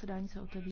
Zasedání se otevírá.